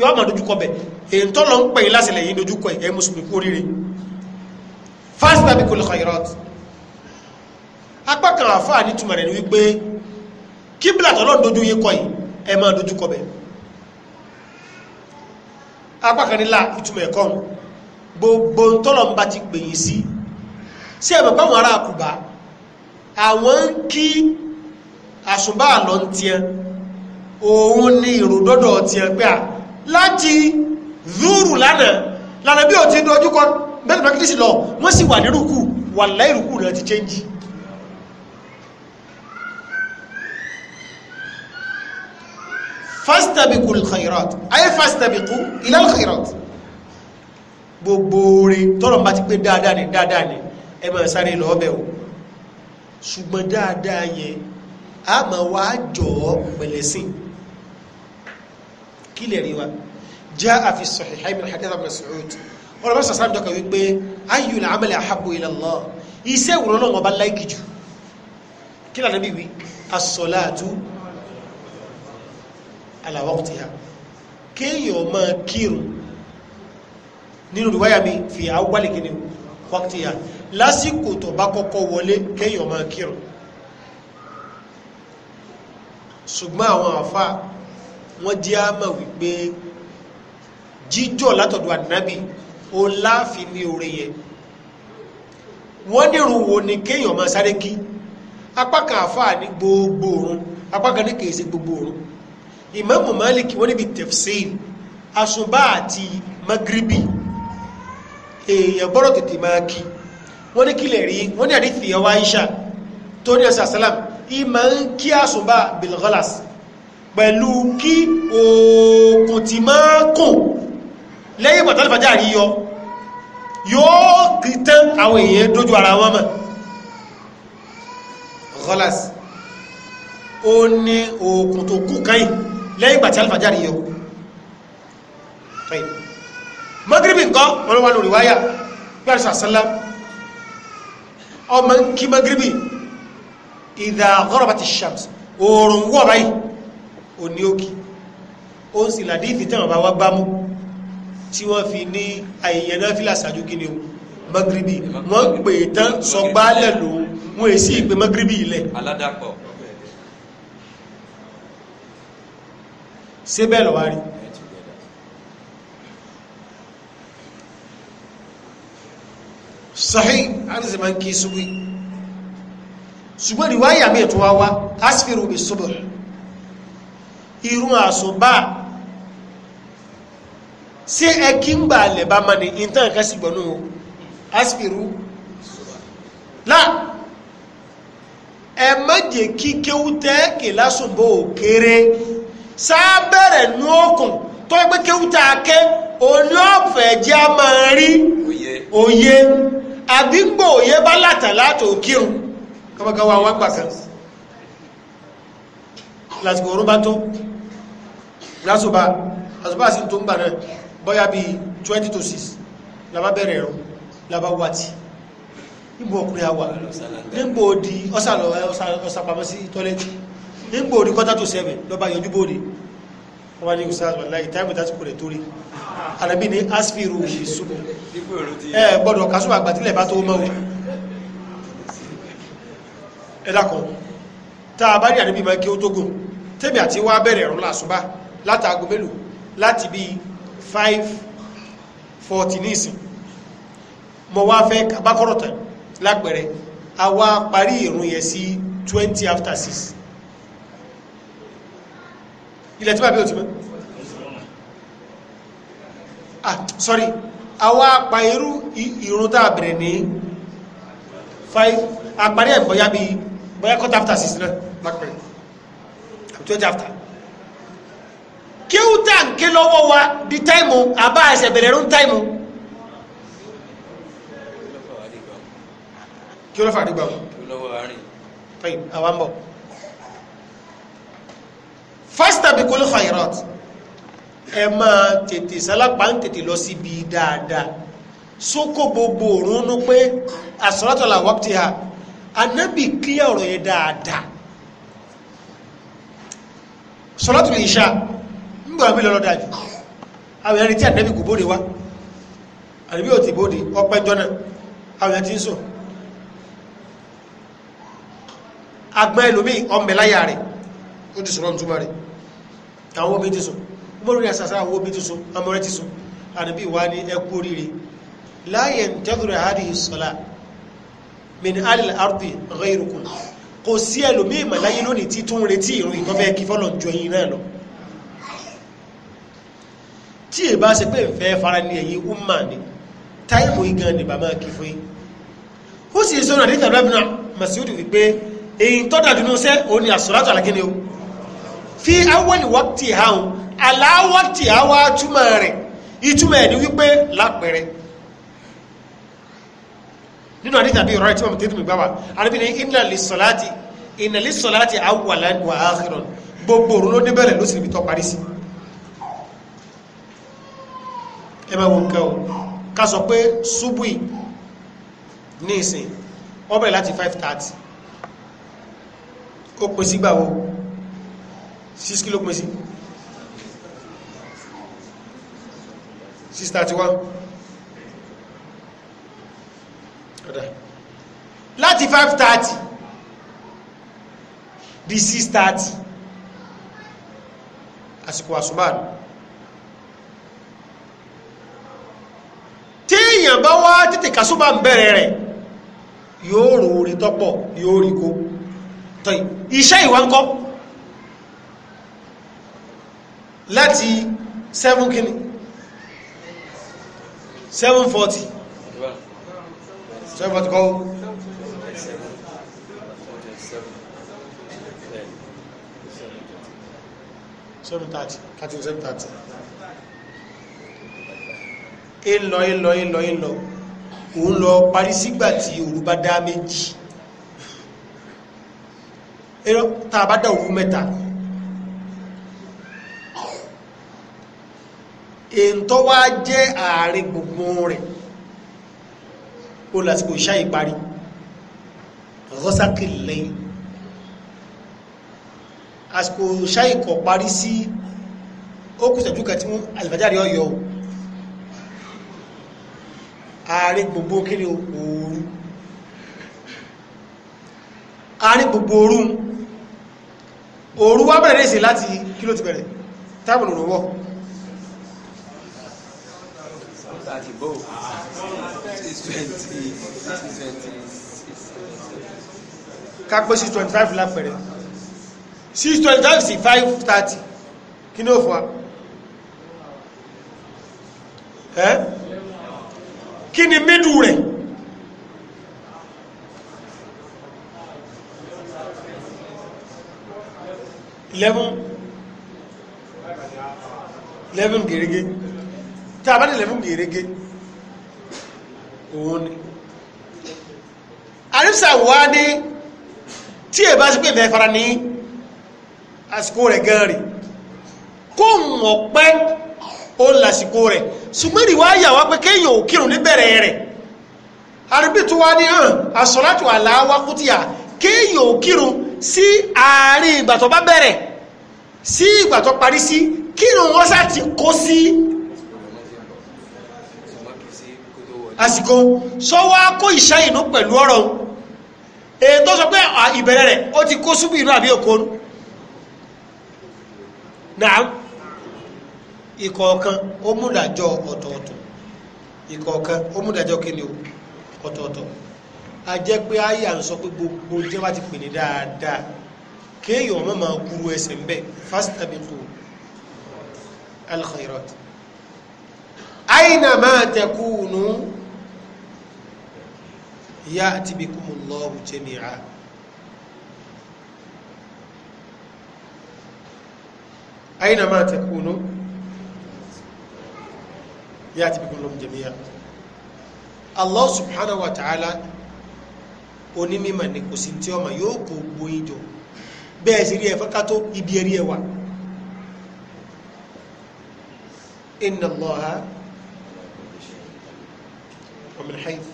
yọ́ máa dojúkọ bẹ̀ èyí tó lọ ń pè lásìlẹ̀ yìí dojúkọ ẹ̀ mùsùlùmí kú oríire fastabiqul khairat apá kan àfáà ní túmọ̀ rẹ̀ ni wípé kíbla tọ́lọ́ dojú yín kọ́ yìí ẹ máa dojúkọ bẹ̀ apá kan nílá ìtumọ̀ ẹ̀kọ́ gbogbo tọ́lọ̀ ń bá ti pè sí sí ẹ̀mọ̀ pàwọn ará àkùbá àwọn ń kí àsùnbà lọ ń tiẹ́ òun ni ìrùdọ́dọ̀ ti ẹgbẹ́ à láti zúrù lánàá lánàá bí o ti dojú kan bẹ́ẹ̀ bá kìrìsì lọ wọ́n sì wà nírùkù wà láìrùkù rẹ̀ ti chẹ́njì fastabiqu al-khayrat ayé fastabiqu ila al-khayrat gbogbo orí tọ́rọ̀ bá ti pé dáadáa ni dáadáa ni ẹ máa sáré lọ ọbẹ̀ o ṣùgbọ́n dáadáa yẹn a máa wá jọ ọ́ kílẹ̀ rí wa jaa fi sahihayn min hadith ibn Mas'ud ọ̀rọ̀ bá sàsán dọ́kà wípé ayyul amali ahabbu ila Allah iṣẹ́ ìwòrán náà wọ́n bá láìkì jù kí lànà bí wí as-salatu ala waqtiha kéèyàn máa kírun nínú ìwáyà mi fi àwọ́gbálì kìíní waqtiha lásìkò tó bá kọ́kọ́ wọlé kéèyàn máa kírun ṣùgbọ́n àwọn àfáà wọ́n jẹ́ àmà wípé jíjọ́ látọ̀dọ̀ ànábì ó láàfin ní oore yẹn wọ́n nírun wo ni kéèyàn máa sáré kí apá àfáà ní gbogbo òrun apá ní kìí gbogbo òrun ìmáàmù Málíkì wọ́n níbi tafsir àsùbá àti magribi èèyàn gbọ́dọ̀ tètè máa kí wọ́n ní kílẹ̀ rí wọ́n ní àdífìyàwó Aisha tó ní ẹ̀sà sálàm ìmọ̀ ń kí àsùbá bilghalas pẹ̀lú kí oòkùn ti máa kùn lẹ́yìn pàtàkì fàjá rí yọ yóò kì tán àwọn èèyàn dójú ara wọn mọ̀ rọ́lás ó ní oòkùn tó kù káyìn lẹ́yìn pàtàkì alfàjá rí yọ magribi nǹkan wọn wà lórí wáyà bí a sàṣálá oní òkì ó sì làdí ìfìtàn àbá wá gbámú tí wọ́n fi ní àyẹ̀yẹ̀ náà kí ni o magribi wọ́n pè é tán sọ gbálẹ̀ lò wọ́n èsì ìpè magribi ilẹ̀ aládàpọ̀ ṣé bẹ́ẹ̀ lọ́wọ́ rí sahih anise man kí subi ṣùgbọ́n ìwáyà mi ètò wá asfiru bi subh irun àṣùbà sí ẹkí ń gbà lẹ̀ bá mani intan kan sì gbọ́nú aspiru lá ẹ má jẹ́ kí kéwútẹ́ kè lásùnbò kéré sábẹ̀rẹ̀ ní òkun tó ẹgbẹ́ kéwútẹ́ akẹ́ òní ọ̀fẹ́ jẹ́ a máa rí òye àbí gbò òye bá látà látò kírun kọ́mọ́kọ́ wa wọ́n gbà kan lásìkò tó lásùbà àsùbà sí tó ń gbà náà bọ́yá bí 20 to 6 labá bẹ̀rẹ̀ ẹ̀rùn labá wàtí nígbò ọkùnrin àwà nígbò òdì ọ̀sàpamọ́ sí tọ́lẹ́tì nígbò òdì kọ́tà tó 7 lọ́bá yọjú bóde wọ́n ní ìsáàlù aláì táìmù tàbí kò lè torí àrẹ́bí ní asfiru ìṣúgbò ẹ gbọ́dọ̀ kásùn àgbàtílẹ̀ bá tó mọ́wọ́ ẹ̀dàkọ̀ tá a bá rí àrẹ́bí ma kí ó tógùn tẹ́bí àti wá bẹ̀rẹ̀ ẹ̀rọ lásùbá látàgò mélòó láti bí 540 nísìn mo wá fẹ́ abákọ́rọ̀tà lápẹ̀rẹ̀ a wá parí ìrun yẹn sí 20 after 6 ilẹ̀ tí bàbá ò ti mọ́ ah sorry a wá pa irú ìrun tá a bẹ̀rẹ̀ ní 5 àparí ẹ̀ bọ́yá bí bọ́yá quarter after 6 náà lápẹ̀rẹ̀ 20 after ké lọ́wọ́ wa di táìmù àbá ẹsẹ̀ bẹ̀rẹ̀ rún táìmù. kí ló fà dé gbà wọn. kí lọ́wọ́ àárín. fẹ́yìn àwa ń bọ̀. fastabiqul khairat ẹ máa tètè sálápá ń tètè lọ síbi dáadáa sókò gbogbo òrùn nú pé àsọ̀rọ̀tọ̀là waqtiha anábì kílẹ̀ ọ̀rọ̀ yẹn dáadáa sọ̀rọ̀tọ̀là ìṣá gbọ́n mi lọ́rọ̀ dájú àwọn ẹni tí ànẹ́bì kò bóde wá ànẹ́bì ò ti bóde ọpẹ́ jọ́nà àwọn ẹni tí ń sùn agbọ́n ẹlòmí ọmọláyà rẹ̀ ó ti sọ̀rọ̀ ntúmọ̀ rẹ̀ àwọn omi ti sùn kò sí ẹlòmí ìmọ̀láyé lónìí tí tún retí ìròyìn tó fẹ́ kí fọ́lọ̀ jọ yín náà lọ tí è bá ṣe pé ń fẹ́ fara ní ẹ̀yí umma ni táìmù igan ni bàbá kí fún yín ó sì sọ́nà ní tàbí àbínà masiudu wípé èyí tọ́dà dúnú sẹ́ òun ni àsọ̀rọ̀tọ̀ alágíní o fi awọ́lì wọ́pì hàn aláwọ́tì àwa túmọ̀ rẹ̀ ìtumọ̀ ẹ̀ ni wípé lápẹẹrẹ nínú àdíjà bí ìrọ̀rẹ́ tí wọ́n tẹ́tù mi gbá wa arábìnrin inna lis-salati inna lis-salati awwalan wa akhiran gbogbo òrùn ló débẹ̀rẹ̀ ẹmẹ́ wọn kẹ́ o ká sọ pé ṣubui ní ìsìn wọ́n bẹ̀rẹ̀ láti 5:30 ó pín sí gbàwó 6 kí ló pín sí 6:31 ọ̀dá láti 5:30 di 6:30 àsìkò àsùbáàdù bá wá títì kásúbà ń bẹ̀rẹ̀ rẹ̀ yóò rò orí tọ́pọ̀ yóò rí kó tọ́yì iṣẹ́ ìwà ń kọ́ láti 7 kìíní 740 740 kọ́ seven thirty thirty seven thirty ìlọ ìlọ ìlọ ìlọ òun lọ parí sígbà tí òru bá dá méjì tá a bá dá òru mẹ́ta èntọ́ wá jẹ́ ààrẹ gbogbo rẹ̀ ó lásìkò ìṣá ìparí rọ́sákì lẹ́yìn àsìkò ìṣá ìkọ̀ parí sí ó kù ìṣẹ́jú kan tí wọ́n o ààrẹ gbogbo kí ni òòrùn ààrẹ gbogbo òòrùn òòrùn wá bẹ̀rẹ̀ sí láti kí ló ti bẹ̀rẹ̀ tábìlì òrùwọ́ thirty bowl. Six twenty, six twenty, five lápẹ̀rẹ̀. Six twenty five sí five thirty. Kí ni ó fún wa? Ẹ́ kí ni mídù rẹ̀ eleven eleven gèrègé tí a bá ní eleven gèrègé òun ni àrísà wá ní tí ẹ bá sí pé ìfẹ́ fara ní àsìkò rẹ̀ gan kó mọ̀ pẹ́ ó lásìkò rẹ̀ ṣùgbọ́n ìwà àyà wá pé kéèyàn ò kírun níbẹ̀rẹ̀ rẹ̀ àríbí tó wá ní hàn àsọ̀látò àláwákútìyà kéèyàn ò kírun sí àárín ìgbà tó bá bẹ̀rẹ̀ sí ìgbà tó parí sí kírun wọn sá ti kó sí àsìkò sọ́wọ́ kó ìṣá ìnú pẹ̀lú ọ̀rọ̀ èyí tó sọ pé ìbẹ̀rẹ̀ rẹ̀ ó ti kó súnmù ìnú àbí òkú náà ìkọ̀ọ̀kan ó múdàjọ́ ọ̀tọ̀ọ̀tọ̀ ìkọ̀ọ̀kan ó múdàjọ́ kí ni o ọ̀tọ̀ọ̀tọ̀ a jẹ́ pé àyà ń sọ pé gbogbo jẹ́ bá ti pè ní dáadáa kéèyàn mọ́ máa kúrú ẹsẹ̀ ń bẹ̀ fastabiqu al-khairat aina ma takunu ya'ti bikumullahu jami'a aina ma takunu yati bi kullum الله سبحانه وتعالى wa ta'ala onímọ̀ ni kò sí tí ọmọ yóò kó gbóyin jọ bẹ́ẹ̀ sí rí ẹ̀fọ́ ká tó ibi ẹ̀rí ẹ̀wà inna allaha wa min haythu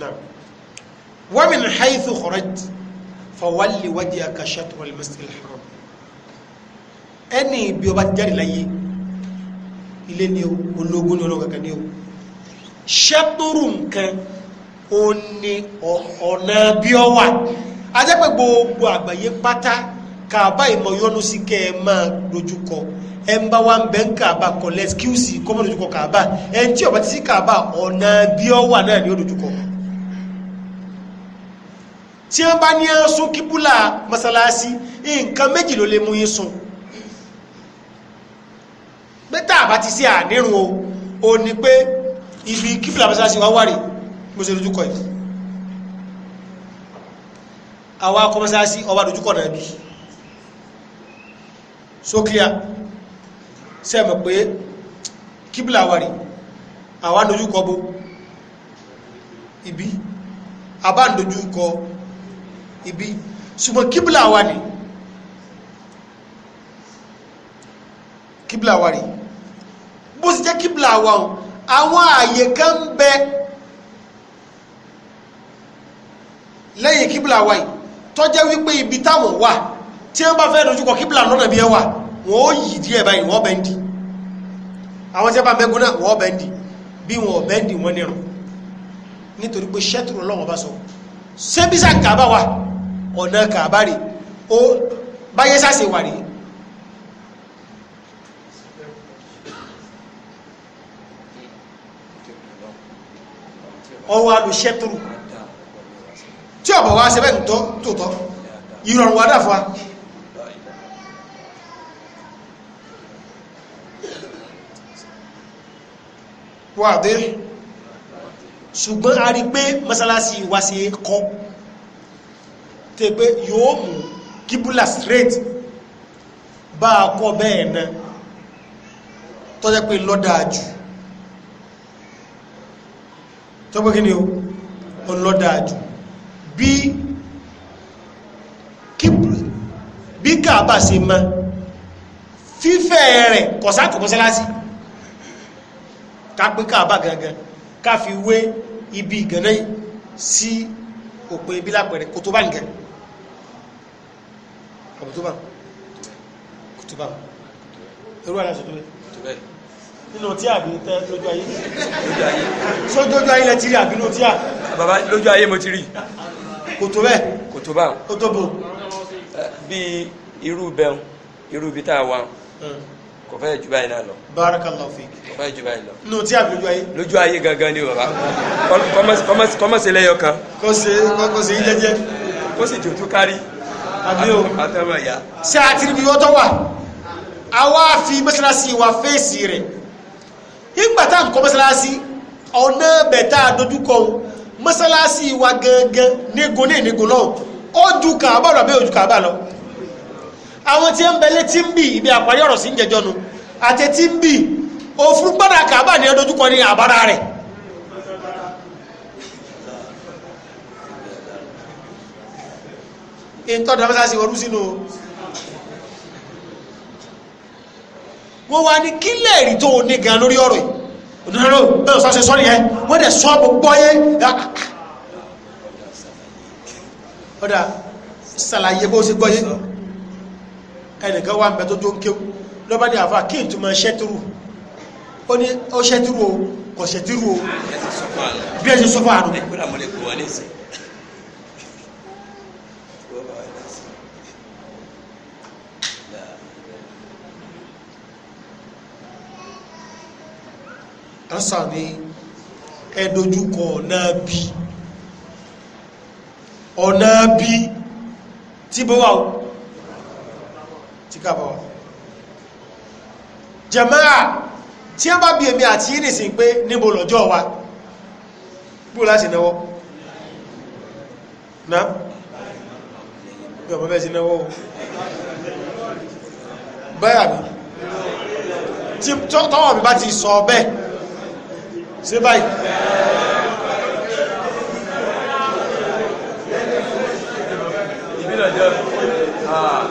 نعم ومن حيث خرجت فول وجهك شطر المسجد الحرام ẹni bí ó bá jáde láyé ilé ni o ológun ni ológun kankan ni o ṣẹ́tòrò nǹkan ó ní ọ̀nà bí ọ wà ajẹ́pẹ́ gbogbo àgbáyé pátá kàbá ìmọ̀ yọnu sí kẹ́ ẹ máa dojúkọ ẹ ń bá wa ń bẹ́ ń kàbá kọ lẹ́skíùsì kọ́mọ́ dojúkọ kàbá ẹ tí ọ̀bá ti sí kàbá ọ̀nà bí ọ wà náà ni ó dojúkọ tí wọ́n bá ní ẹ sún kíbúlà mọ́sálásí nǹkan méjì ló lè mú yín sùn pé tá a bá ti sí àdírun o ò ní pé ibi kífìlà mọ́sálásí wá wárí mo ṣe dojúkọ yìí àwa akọ mọ́sálásí ọwá dojúkọ náà bí sókíà sẹ́mọ̀ pé kíbìlà wárí àwa dojúkọ bó ibi àbá dojúkọ ibi ṣùgbọ́n kíbìlà wá ní kíbìlà wárí bó sì jẹ́ kíbla wa o àwọn ààyè kan ń bẹ lẹ́yìn kíbla wa yìí tó jẹ́ wípé ibi táwọn wà tí wọ́n bá fẹ́ dojúkọ kíbla lọ́nà bí ẹ wà wọ́n ó yìí díẹ̀ báyìí wọ́n bẹ́ẹ̀ ń di àwọn tí wọ́n bá mẹ́gun náà wọ́n bẹ́ẹ̀ ń di bí wọn bẹ́ẹ̀ ń di wọ́n nírun nítorí pé ṣẹ́tùrù lọ́wọ́n bá sọ ṣé bísà kàbá wa ọ̀nà kàbá ó báyé sáṣe rèé ọwọ́ alùsẹ́tùrù tí ọ̀bọ̀ wá ṣe bẹ́ẹ̀ tòótọ́ ìrọ̀rùn wádà fún wa wà dé ṣùgbọ́n a rí pé mọ́sálásí wá sí kọ́ tẹ́ pé yóò mú kíbùlà straight bá a kọ́ bẹ́ẹ̀ náà tọ́jẹ́ pé lọ́dáa jù tó pé kí o lọ́dáàjù bí bí kàbà sí ma fífẹ́ rẹ̀ kọ̀sákọ̀kọ́sẹ́lásí ká pé kàbà gangan ká fi wé ibi ìgànnà sí òpin ibi lápẹẹrẹ kò tó bá nìkan kò tó bá kò tó bá irú àlàsì tó bẹ́ẹ̀ nínú tí àbí tẹ́ lójú ayé sójójú ayé lẹ ti rí àbí nínú tí à bàbá lójú ayé mo ti rí kò tó bẹ́ẹ̀ kò tó bá kò tó bò bí irú bẹ́ẹ̀ irú bí tá a wà hmm. kò fẹ́ jù báyìí náà lọ. barakallahu fik. kò fẹ́ jù báyìí lọ. nù tí a bí lójú ayé. lójú ayé gangan ni baba kọ́mọ̀sí lẹ́yọ kan. kó se kó se jẹjẹ. kó sì tòtú kárí. àbí o àtàwọn ẹ̀yà. ṣé àtìrìbí wọ́tọ̀ wà àwa fi mọ́ṣáláṣí ìgbà tá à ń kọ́ mọ́sálásí ọ̀nà bẹ̀tà dojúkọ mọ́sálásí wa gangan nígo ní ìnígo náà ó ju kàábà lọ bẹ́ẹ̀ ojú lọ àwọn tí ń bẹ létí ń bì ibi àparí ọ̀rọ̀ sí ń jẹjọ́ nu àti tí ń bì òfurufú gbọ́dọ̀ kàábà ní ọdójúkọ ní àbára rẹ̀ ìtọ́jú mọ́sálásí wọ́n rú sínú o. wọ́n wá ní kí lẹ́ẹ̀rí tó o ní gan lórí ọ̀rọ̀ yìí òdòdó bẹ́ẹ̀ sọ́ọ́ ṣe sọ́ọ́ nìyẹn wọ́n dẹ̀ sọ́ọ́ gbogbo yẹ ọ̀dà ṣàlàyé bó ṣe gbọ́ yé ẹnìkan wà ń bẹ tó tó ń kéwù lọ́ba ní àfa kí n ṣẹ́tìrù ó ní ó ṣẹ́tìrù o kò ṣẹ́tìrù o bí ẹ ṣe sọ́fọ́ àrùn. àṣà ni ẹ dojúkọ ọ̀nà bí ọ̀nà bí tí bó wà tí ká bá wà jàmáà tí a bá bí èmi àti yìí nìsìn pé níbo lọ́jọ́ wa bú láti náwọ́ náà bí ọmọ bẹ́ẹ̀ sí náwọ́ báyà mi tọ́wọ́ mi bá ti sọ bẹ́ẹ̀ ṣe báyìí ah.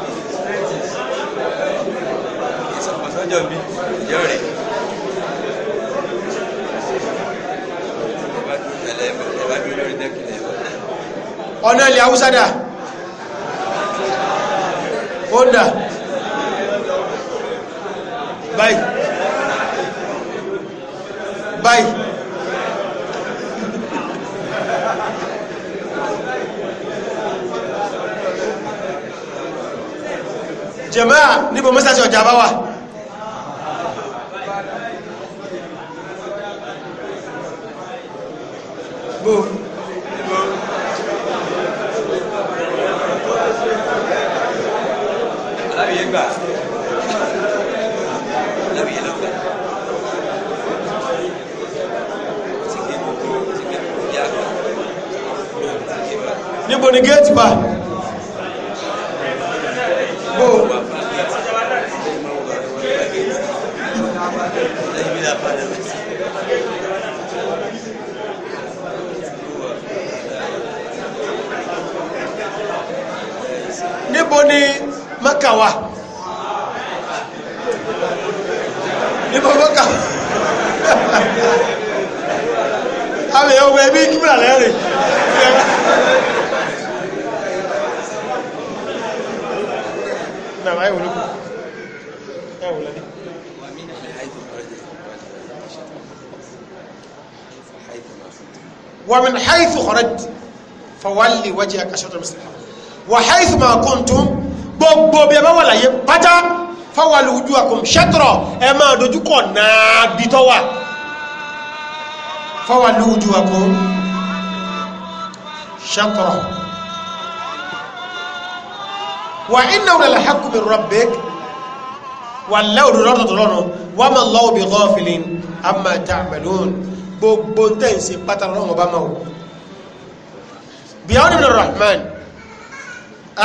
ọ̀nà ilẹ̀ haúsádà ó dáa jàmáà níbo mọ́sálásí ọjà bá wà bó níbo ni géètì wà. ọgbọ́ka alẹ́ ọgbọ́ ẹbí kíbi alẹ́ rẹ̀ nàbà ayọ̀wò lóko ayọ̀wò lẹ́dí. ومن حيث خرجت فولي وجهك شطر مسلم وحيث ما كنتم بوب بوب يا ولا يبتا fáwọlù ojú akùn ṣẹ́tọ̀rọ̀ ẹ máa dojúkọ̀ náà bí tọ́wà fáwọlù ojú akùn ṣẹ́tọ̀rọ̀ wà iná òrẹ̀lẹ̀ hakùnmí rọ̀bẹ̀k wà lẹ́ọ̀rẹ̀ lọ́rọ̀dọ̀lọ́rọ̀ wà máa lọ́wọ́ bí gọ́ọ̀fìlín a máa gbogbo tẹ́ǹsì pátá lọ́wọ́ bá máa wò bí i àwọn ìrìnà rahman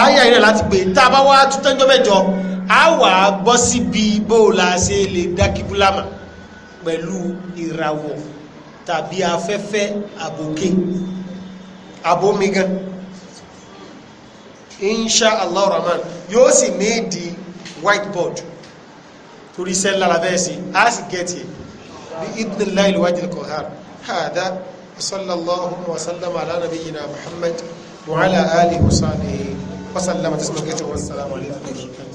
ayé ayé láti pè tá a bá wá tútẹ́jọ́ mẹ́jọ a wà á bọ́ síbi bó la ṣe lè dákíbúlámà pẹ̀lú ìràwọ̀ tàbí afẹ́fẹ́ àbòkè àbómigan insha allah rahman yóò sì méèdì whiteboard torí sẹ́ńlá la bẹ́ẹ̀ sí a sì gẹ̀ẹ́tì ẹ̀ bí idinilá ìlú wájú kò hàn hàdá sallallahu wasallam ala nabiyyina muhammad wa ala alihi wa sahbihi wa sallama taslimu kathira wa assalamu alaykum